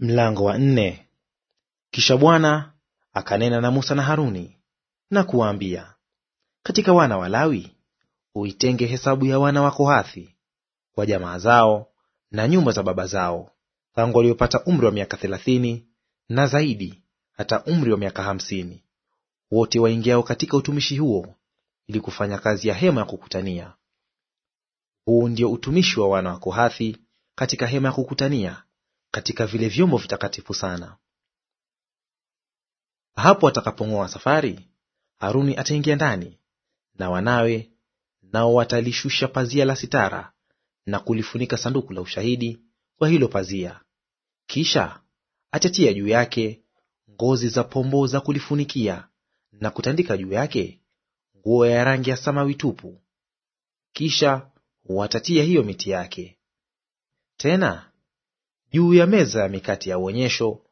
Mlango wa nne. Kisha Bwana akanena na Musa na Haruni na kuwaambia, katika wana wa Lawi uitenge hesabu ya wana wa Kohathi kwa jamaa zao na nyumba za baba zao, tangu waliopata umri wa miaka thelathini na zaidi hata umri wa miaka hamsini, wote waingiao katika utumishi huo, ili kufanya kazi ya hema ya kukutania. Huu ndio utumishi wa wana wa Kohathi katika hema ya kukutania katika vile vyombo vitakatifu sana. Hapo atakapong'oa safari, Haruni ataingia ndani na wanawe, nao watalishusha pazia la sitara na kulifunika sanduku la ushahidi kwa hilo pazia. Kisha atatia juu yake ngozi za pomboo za kulifunikia na kutandika juu yake nguo ya rangi ya samawi tupu. Kisha watatia hiyo miti yake. Tena juu ya meza ya mikati ya uonyesho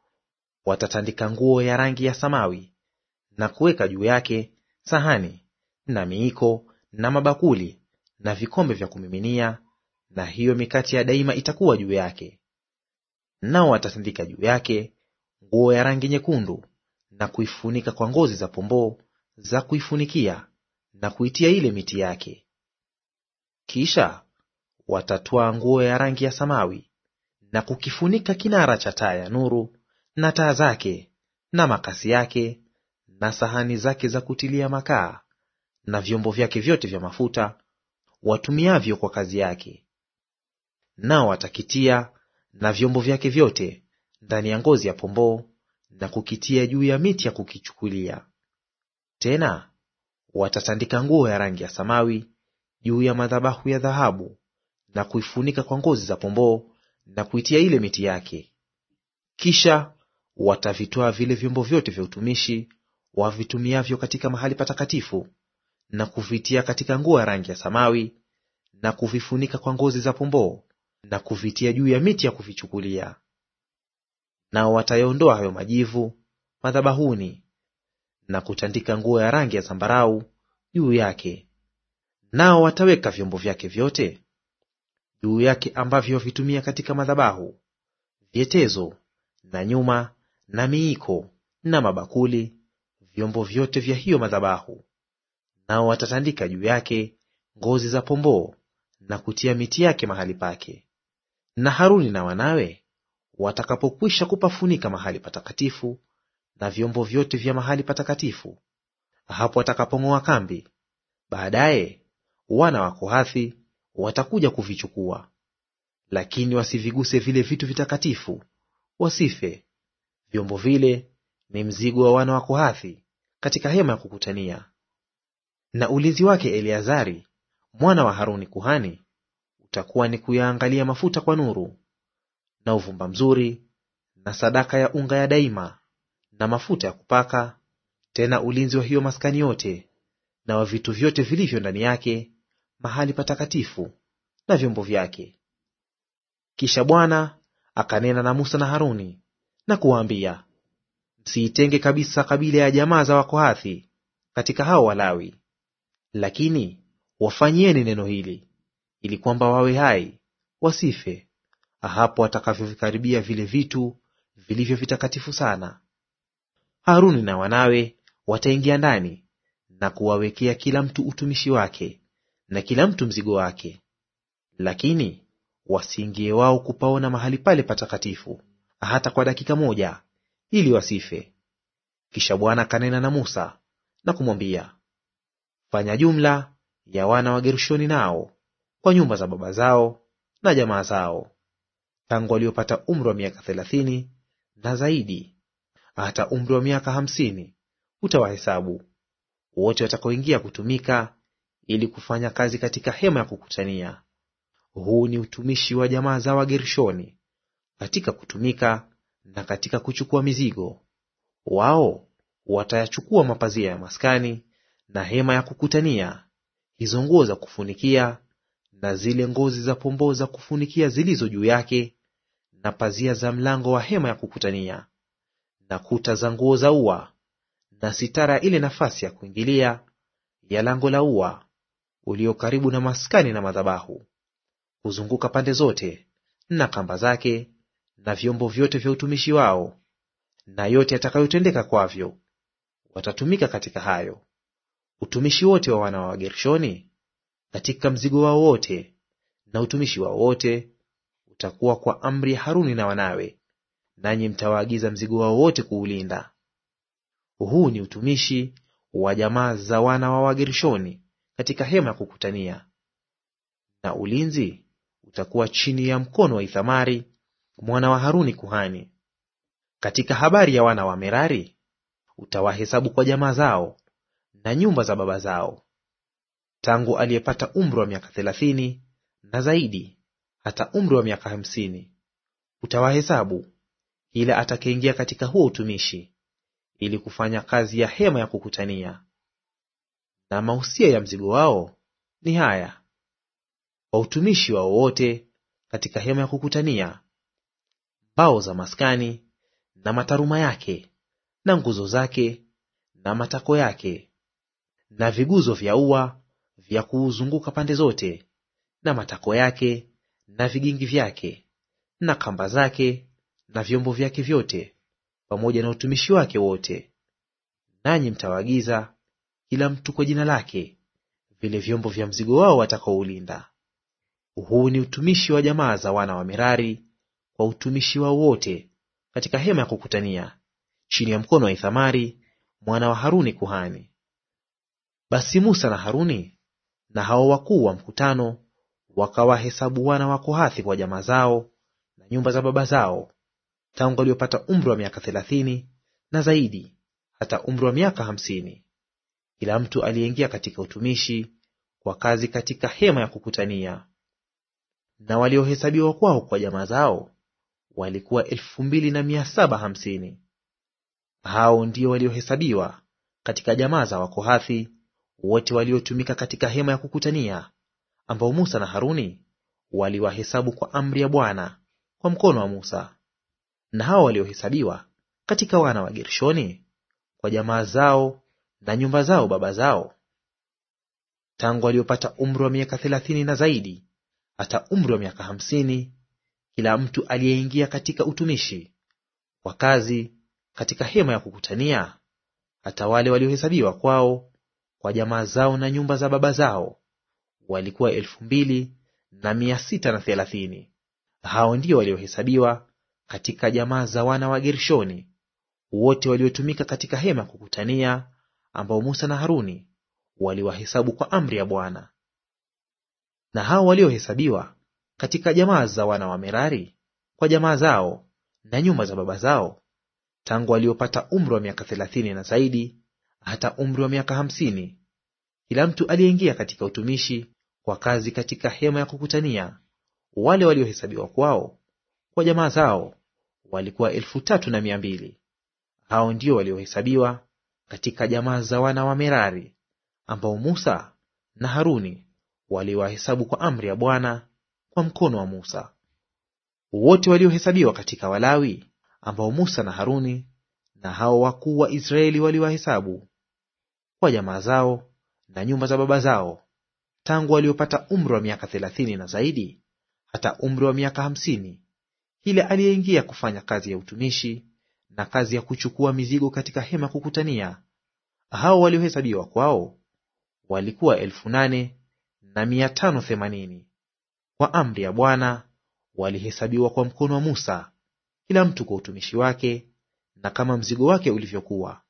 watatandika nguo ya rangi ya samawi, na kuweka juu yake sahani na miiko na mabakuli na vikombe vya kumiminia, na hiyo mikati ya daima itakuwa juu yake. Nao watatandika juu yake nguo ya rangi nyekundu, na kuifunika kwa ngozi za pomboo za kuifunikia, na kuitia ile miti yake. Kisha watatwaa nguo ya rangi ya samawi na kukifunika kinara cha taa ya nuru na taa zake na makasi yake na sahani zake za kutilia makaa na vyombo vyake vyote vya mafuta watumiavyo kwa kazi yake. Nao watakitia na vyombo vyake vyote ndani ya ngozi ya pomboo na kukitia juu ya miti ya kukichukulia. Tena watatandika nguo ya rangi ya samawi juu ya madhabahu ya dhahabu na kuifunika kwa ngozi za pomboo na kuitia ile miti yake. Kisha watavitoa vile vyombo vyote vya utumishi wavitumiavyo katika mahali patakatifu, na kuvitia katika nguo ya rangi ya samawi, na kuvifunika kwa ngozi za pomboo, na kuvitia juu ya miti ya kuvichukulia. Nao watayaondoa hayo majivu madhabahuni, na kutandika nguo ya rangi ya zambarau juu yake. Nao wataweka vyombo vyake vyote juu yake ambavyo wavitumia katika madhabahu, vyetezo na nyuma na miiko na mabakuli, vyombo vyote vya hiyo madhabahu. Nao watatandika juu yake ngozi za pomboo na kutia miti yake mahali pake. Na Haruni na wanawe watakapokwisha kupafunika mahali patakatifu na vyombo vyote vya mahali patakatifu, hapo watakapong'oa kambi, baadaye wana wa Kohathi watakuja kuvichukua. Lakini wasiviguse vile vitu vitakatifu, wasife. Vyombo vile ni mzigo wa wana wa Kohathi katika hema ya kukutania. Na ulinzi wake Eleazari mwana wa Haruni kuhani utakuwa ni kuyaangalia mafuta kwa nuru na uvumba mzuri na sadaka ya unga ya daima na mafuta ya kupaka, tena ulinzi wa hiyo maskani yote na wa vitu vyote vilivyo ndani yake mahali patakatifu na vyombo vyake. Kisha Bwana akanena na Musa na Haruni na kuwaambia, msiitenge kabisa kabila ya jamaa za Wakohathi katika hao Walawi, lakini wafanyieni neno hili, ili kwamba wawe hai wasife, hapo watakavyovikaribia vile vitu vilivyo vitakatifu sana. Haruni na wanawe wataingia ndani na kuwawekea kila mtu utumishi wake na kila mtu mzigo wake, lakini wasiingie wao kupaona mahali pale patakatifu hata kwa dakika moja, ili wasife. Kisha Bwana akanena na Musa na kumwambia, fanya jumla ya wana wa Gerushoni nao kwa nyumba za baba zao na jamaa zao, tangu waliopata umri wa miaka thelathini na zaidi hata umri wa miaka hamsini utawahesabu wote watakaoingia kutumika ili kufanya kazi katika hema ya kukutania. Huu ni utumishi wa jamaa za Wagershoni katika kutumika na katika kuchukua mizigo. Wao watayachukua mapazia ya maskani na hema ya kukutania, hizo nguo za kufunikia na zile ngozi za pomboo za kufunikia zilizo juu yake, na pazia za mlango wa hema ya kukutania, na kuta za nguo za ua, na sitara ile nafasi ya kuingilia ya lango la ua, ulio karibu na maskani na madhabahu, kuzunguka pande zote, na kamba zake na vyombo vyote vya utumishi wao, na yote yatakayotendeka kwavyo; watatumika katika hayo. Utumishi wote wa wana wa Wagershoni katika mzigo wao wote na utumishi wao wote utakuwa kwa amri ya Haruni na wanawe, nanyi mtawaagiza mzigo wao wote kuulinda. Huu ni utumishi wa jamaa za wana wa Wagershoni katika hema ya kukutania, na ulinzi utakuwa chini ya mkono wa Ithamari mwana wa Haruni kuhani. Katika habari ya wana wa Merari utawahesabu kwa jamaa zao na nyumba za baba zao, tangu aliyepata umri wa miaka thelathini na zaidi hata umri wa miaka hamsini utawahesabu, ila atakayeingia katika huo utumishi ili kufanya kazi ya hema ya kukutania. Na mausia ya mzigo wao ni haya kwa utumishi wao wote katika hema ya kukutania, mbao za maskani na mataruma yake na nguzo zake na matako yake na viguzo vya ua vya kuuzunguka pande zote na matako yake na vigingi vyake na kamba zake na vyombo vyake vyote pamoja na utumishi wake wote. Nanyi mtawagiza kila mtu kwa jina lake, vile vyombo vya mzigo wao watakaoulinda. Huu ni utumishi wa jamaa za wana wa Merari kwa utumishi wao wote katika hema ya kukutania, chini ya mkono wa Ithamari mwana wa Haruni kuhani. Basi Musa na Haruni na hao wakuu wa mkutano wakawahesabu wana wa Kohathi kwa jamaa zao na nyumba za baba zao, tangu waliopata umri wa miaka thelathini na zaidi hata umri wa miaka hamsini kila mtu aliyeingia katika utumishi kwa kazi katika hema ya kukutania. Na waliohesabiwa kwao kwa jamaa zao walikuwa elfu mbili na mia saba hamsini. Hao ndio waliohesabiwa katika jamaa za Wakohathi wote waliotumika katika hema ya kukutania, ambao Musa na Haruni waliwahesabu kwa amri ya Bwana kwa mkono wa Musa. Na hao waliohesabiwa katika wana wa Gershoni kwa jamaa zao na nyumba zao baba zao, tangu waliopata umri wa miaka thelathini na zaidi hata umri wa miaka hamsini, kila mtu aliyeingia katika utumishi kwa kazi katika hema ya kukutania, hata wale waliohesabiwa kwao kwa jamaa zao na nyumba za baba zao walikuwa elfu mbili na mia sita na thelathini. Hao ndio waliohesabiwa katika jamaa za wana wa Gershoni wote waliotumika katika hema ya kukutania ambao Musa na Haruni waliwahesabu kwa amri ya Bwana. Na hao waliohesabiwa katika jamaa za wana wa Merari kwa jamaa zao na nyumba za baba zao, tangu waliopata umri wa miaka thelathini na zaidi hata umri wa miaka hamsini, kila mtu aliyeingia katika utumishi kwa kazi katika hema ya kukutania, wale waliohesabiwa kwao kwa jamaa zao walikuwa elfu tatu na mia mbili. Hao ndio waliohesabiwa katika jamaa za wana wa Merari, ambao Musa na Haruni waliwahesabu kwa amri ya Bwana kwa mkono wa Musa. Wote waliohesabiwa katika Walawi ambao Musa na Haruni na hao wakuu wa Israeli waliwahesabu kwa jamaa zao na nyumba za baba zao, tangu waliopata umri wa miaka thelathini na zaidi hata umri wa miaka hamsini, kila aliyeingia kufanya kazi ya utumishi na kazi ya kuchukua mizigo katika hema kukutania, hao waliohesabiwa kwao walikuwa elfu nane na mia tano themanini. Kwa amri ya Bwana walihesabiwa kwa mkono wa Musa, kila mtu kwa utumishi wake na kama mzigo wake ulivyokuwa,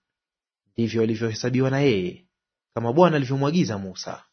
ndivyo walivyohesabiwa na yeye, kama Bwana alivyomwagiza Musa.